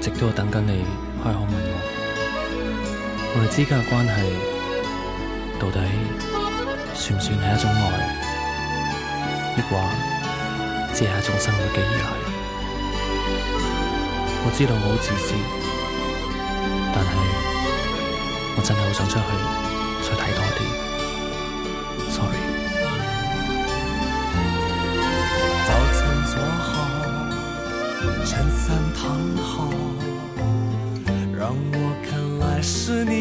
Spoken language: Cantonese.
我一直都等緊你開口問我，我哋之間嘅關係到底算唔算係一種愛？抑或只係一種生活嘅依賴？我知道我好自私，但係我真係好想出去再睇多啲。